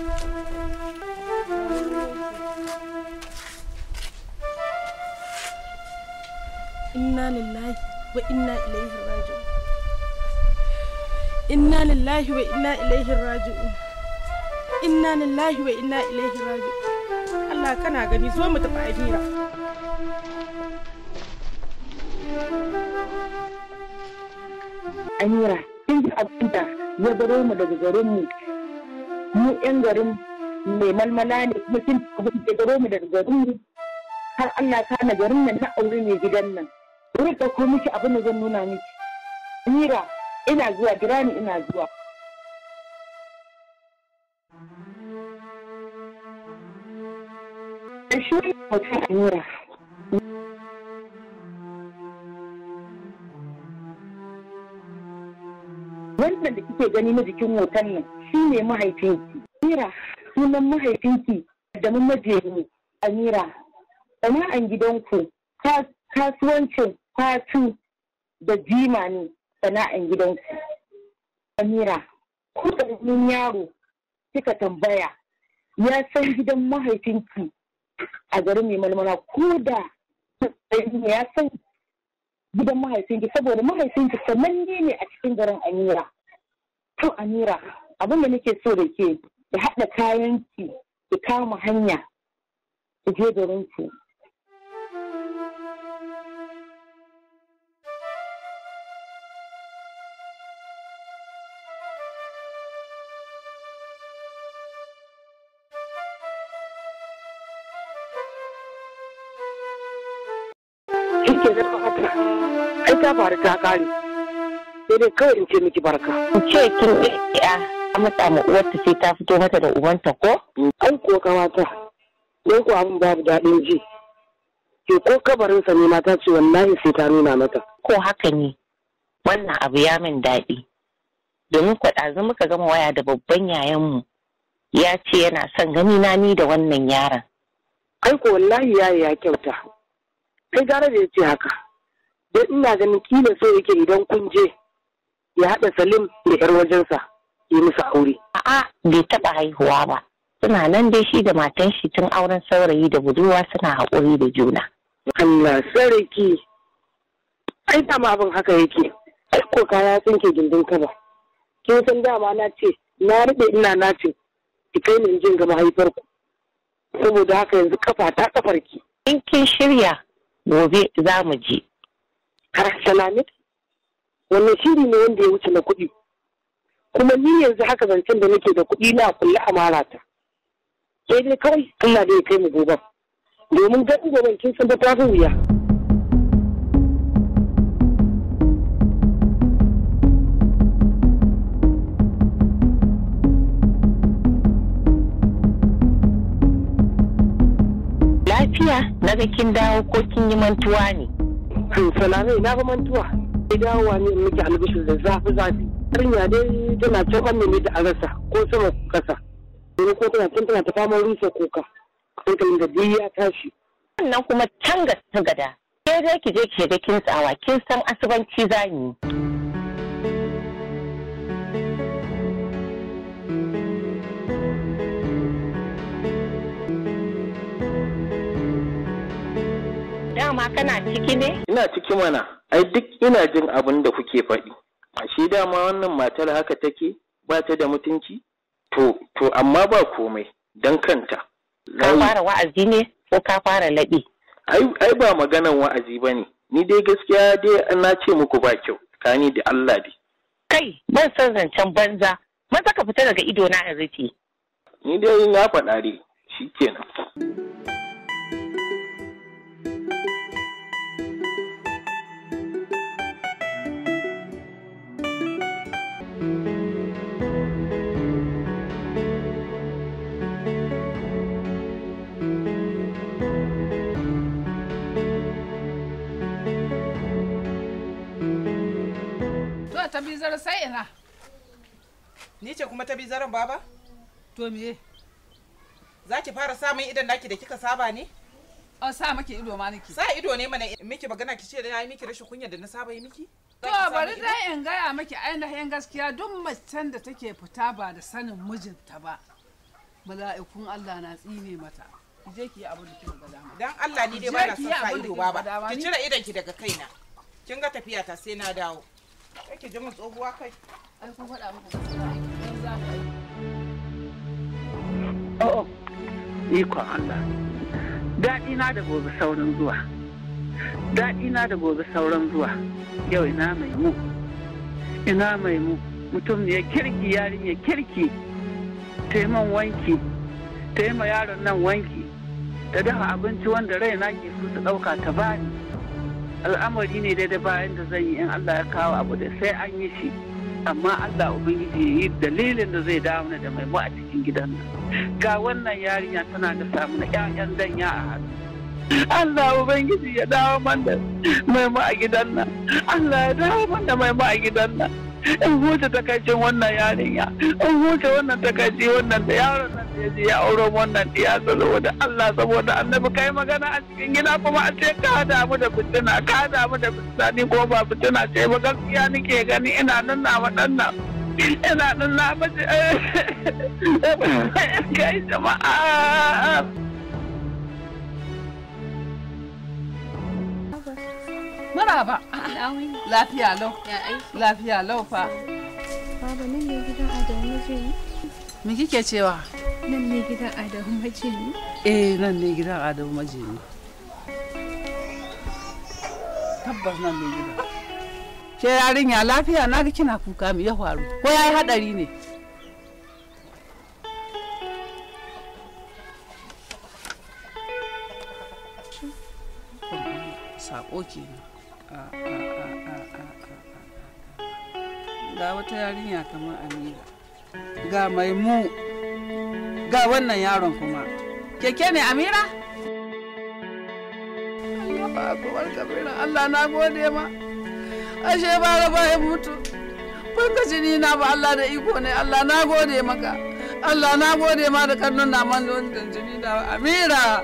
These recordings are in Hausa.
inna lillahi wa inna ilaihi raji'un inna lillahi wa inna ilaihi Allah kana gani zo mu tafi Amira Amira in ji abinda ya baro mu daga garin mu 'yan garin mai malmala ne kuma sun garo mu daga garin mu har Allah ka na garin nan na aure mai gidan nan wuri ko miki abin da zan nuna miki mira ina zuwa girani ina zuwa wannan da kike gani na jikin hoton nan shi ne mahaifinki amira sunan mahaifinki da ne. amira an gidanku kasuwancin fatu da jima ne sana'an gidanku amira ko da yaro kika tambaya ya san gidan mahaifinki a garin mai malmala ko da ya san gidan mahaifinki saboda mahaifinki sananne ne a cikin garin amira to amira abin da nake so da ke ki haɗa kayan ki ki kama hanya ki je garin ki Ai ta faru ta kare. Sai dai kawai in ce miki barka. In ce kin ɗaya. matsa ma uwarta sai ta fito mata da ubanta ko? Ai ko kamata, don ko abin babu daɗin ji. Ke ko kabarinsa ne mata ce wallahi sai ta nuna mata. Ko haka ne, wannan abu ya min daɗi. Domin kwaɗazu muka gama waya da babban yayanmu ya ce yana son gani na ni da wannan yaron. Ai ko wallahi ya ya kyauta. Sai gara da ya ce haka. Don ina ganin kila so yake idan kun je ya haɗa Salim da 'yar wajensa. yi musu aure. A'a bai taɓa haihuwa ba. Suna nan dai shi da matan shi tun auren saurayi da budurwa suna haƙuri da juna. Allah sarki. Ai dama abin haka yake. Ai ko kaya ya tsinke gindin kaba. Kin san dama na ce na riɗe ina na ce ki kai min jin ga mahaifarku. Saboda haka yanzu kafa ta kafarki. In kin shirya gobe za mu je. Kar salamit. Wannan shiri ne wanda ya wuce na kuɗi. kuma ni yanzu haka zancen da nake da kuɗi na kulli amara ta sai dai kawai Allah da ya kai mu gobe domin ganin gobe kin san ta fi wuya lafiya na ga kin dawo ko kin yi mantuwa ne to salamai na ga mantuwa sai dawowa ne in muke albishin da zafi zafi yarinya dai tana can an mene da arasa ko sama kasa domin ko tana can tana ta fama rusa kuka hankalin da biyu ya tashi Wannan kuma can ta gada ke dai ki je ki ga kin tsawa kin san asibanci zani dama kana ciki ne ina ciki mana ai duk ina jin abin da kuke faɗi a shi dama wannan matar haka take ba ta da mutunci to to amma ba komai dan kanta ka fara wa'azi ne ko ka fara laɓi ai ba maganan wa'azi ba ne ni dai gaskiya dai na ce muku ba kyau Ka ni da Allah dai kai ban san zancen banza maza ka fita daga ido na in rufe ni dai na faɗa dai shikenan zara sai ina. Ni ce kuma ta bi zaran baba? To me? Za ki fara samun idan naki da kika saba ne? a sa miki ido ma niki. Sa ido ne mana miki magana ki ce da yayi miki rashin kunya da na saba yi miki? To bari dai in gaya maki ainihin gaskiya duk macen da take fita ba da sanin mijinta ba. Mala'ikun Allah na tsine mata. Je ki yi abin da kika ga dama. Dan Allah ni dai ba na son sa ido baba. Ki cire idan ki daga kaina. Kin ga tafiya ta sai na dawo. Kake ji na da gobe sauran zuwa. Yau ina mai mu. Ina mai mu. Mutum ne kirki yarinya kirki. Taiman wanki. ma yaron nan wanki. Ta dafa abinci wanda raina ke su ɗauka ta bani. al'amari ne da bayan da zan yi in Allah ya kawo abu da sai an yi shi amma Allah ubangiji yi dalilin da zai dawo da maimu a cikin gidan nan ga wannan yarinya tana da samu na ƴaƴan danya a hannu Allah ubangiji ya dawo man da maimu a gidan nan Allah ya dawo man da maimu a gidan nan in huce takaicin wannan yarinya in huce wannan takaici wannan da yaron ya je ya auro wannan ɗiya da Allah saboda annabi kai magana a cikin gida kuma a ce ka damu da fitina ka damu da fitina ni ko ba fitina ce ba gaskiya nake gani ina nan na waɗannan ina nan na mace eh, kai jama'a Maraba. Lafiya lau. Lafiya lau fa. Baba nan ne gidan Adamu zai yi. Me kike cewa? Nan ne gidan Adamu Majini? Eh nan ne gidan Adamu Majini. Tabbas nan ne gidan. Ke ya lafiya na ga kina kuka mu ya faru. Ko ya yi hadari ne? Sako kenan. Ga wata yarinya kamar Amira. Ga maimu ga wannan yaron kuma keke ne amira Allah na gode ma ashe bara bayan mutu farka jini na ba Allah da iko ne Allah na gode maka Allah na gode ma da karnun na man jini da amira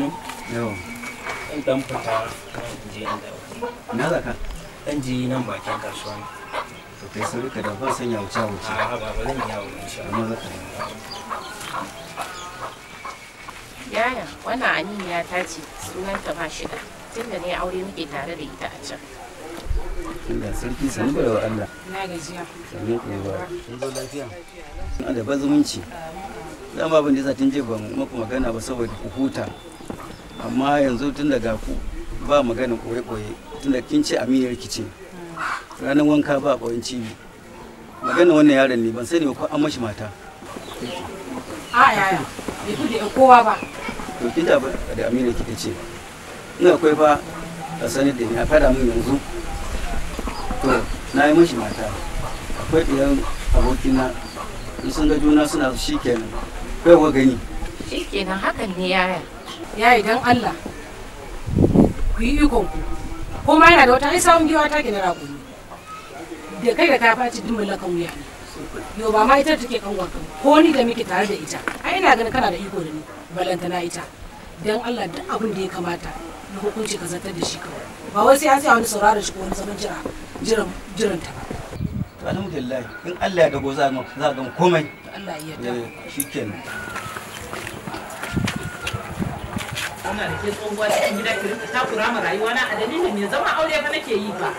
wajen? Yawa. Ɗan fita je an dawo. Na zaka? Ɗan je nan bakin kasuwa ne. To kai sauri ka da ba san ya wuce wuce. A'a ba ba zan yawo insha Allah. Na zaka. Yaya, wannan Aminiya ta ce sunanta ba shida. Tunda ne aure muke tare da ita a can. Allah sarki sanu bai wa Allah. Na gajiya. Sanu ku ba. Sun zo lafiya. Na da bazumunci. Zan ba abin da yasa tun je ban muku magana ba saboda ku huta. amma yanzu tun daga ku ba magana koye-koye tun da kin ce aminiyar ce ranar wanka ba ƙoyin cibi magana wannan yaron ne ban sani ko an mashi mata a yaya bai fi da kowa ba to kin da da aminiyar kike ce ina akwai fa a sanar da ni a fara min yanzu to na yi mashi mata akwai ɗiyan abokina in sun ga juna suna shi kenan kai wa gani shi kenan hakan ne yaya ya dan Allah ku yi ikon ku kuma yana da wata ai samun giwa ta na rago da kai da ta faci duk laka wuya ne yo ba ma ita take kan wankan ko ni da muke tare da ita ai ina ganin kana da iko da ni na ita dan Allah duk abin da ya kamata na hukunci ka zartar da shi kawai ba wai sai an tsaya wani sauraron shi ko wani zaman jira jiran jiran ta ba to alhamdulillah in Allah ya dago za ga komai Allah ya yarda eh, shikenan ana da ke tsohuwa cikin gida ki ta takura ma rayuwa na a dalilin me zama aure fa nake yi ba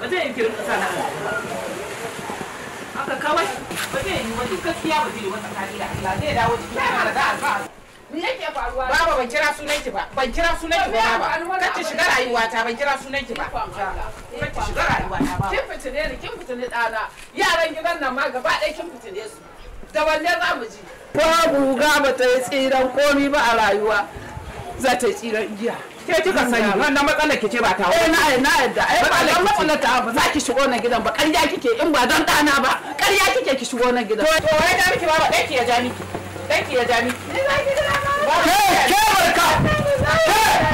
ba zai yi ki rinka sa na haka kawai ba zai yi wani gaskiya ba zai yi wata kariya Allah zai dawo cikin gida da alfa me yake faruwa baba ban kira sunan ki ba ban kira sunan ki ba baba kace shiga rayuwa ta ban kira sunan ki ba kace shiga rayuwa ta kin fitine ni kin fitine dana yaran gidan nan ma gaba ɗaya kin fitine su da wanne za mu ji babu gaba ta yi tsiran komi ba a rayuwa za ta yi tsirar giya ke kika sani da matsalar ki ce ba ta eh na na yadda eh ba dan matsalar ta ba za ki shigo nan gidan ba ƙarya kike in ba dan dana ba ƙarya kike ki shigo nan gidan to wai da miki ba ba danki ya ja miki ki ya ja miki ki ke ke barka ke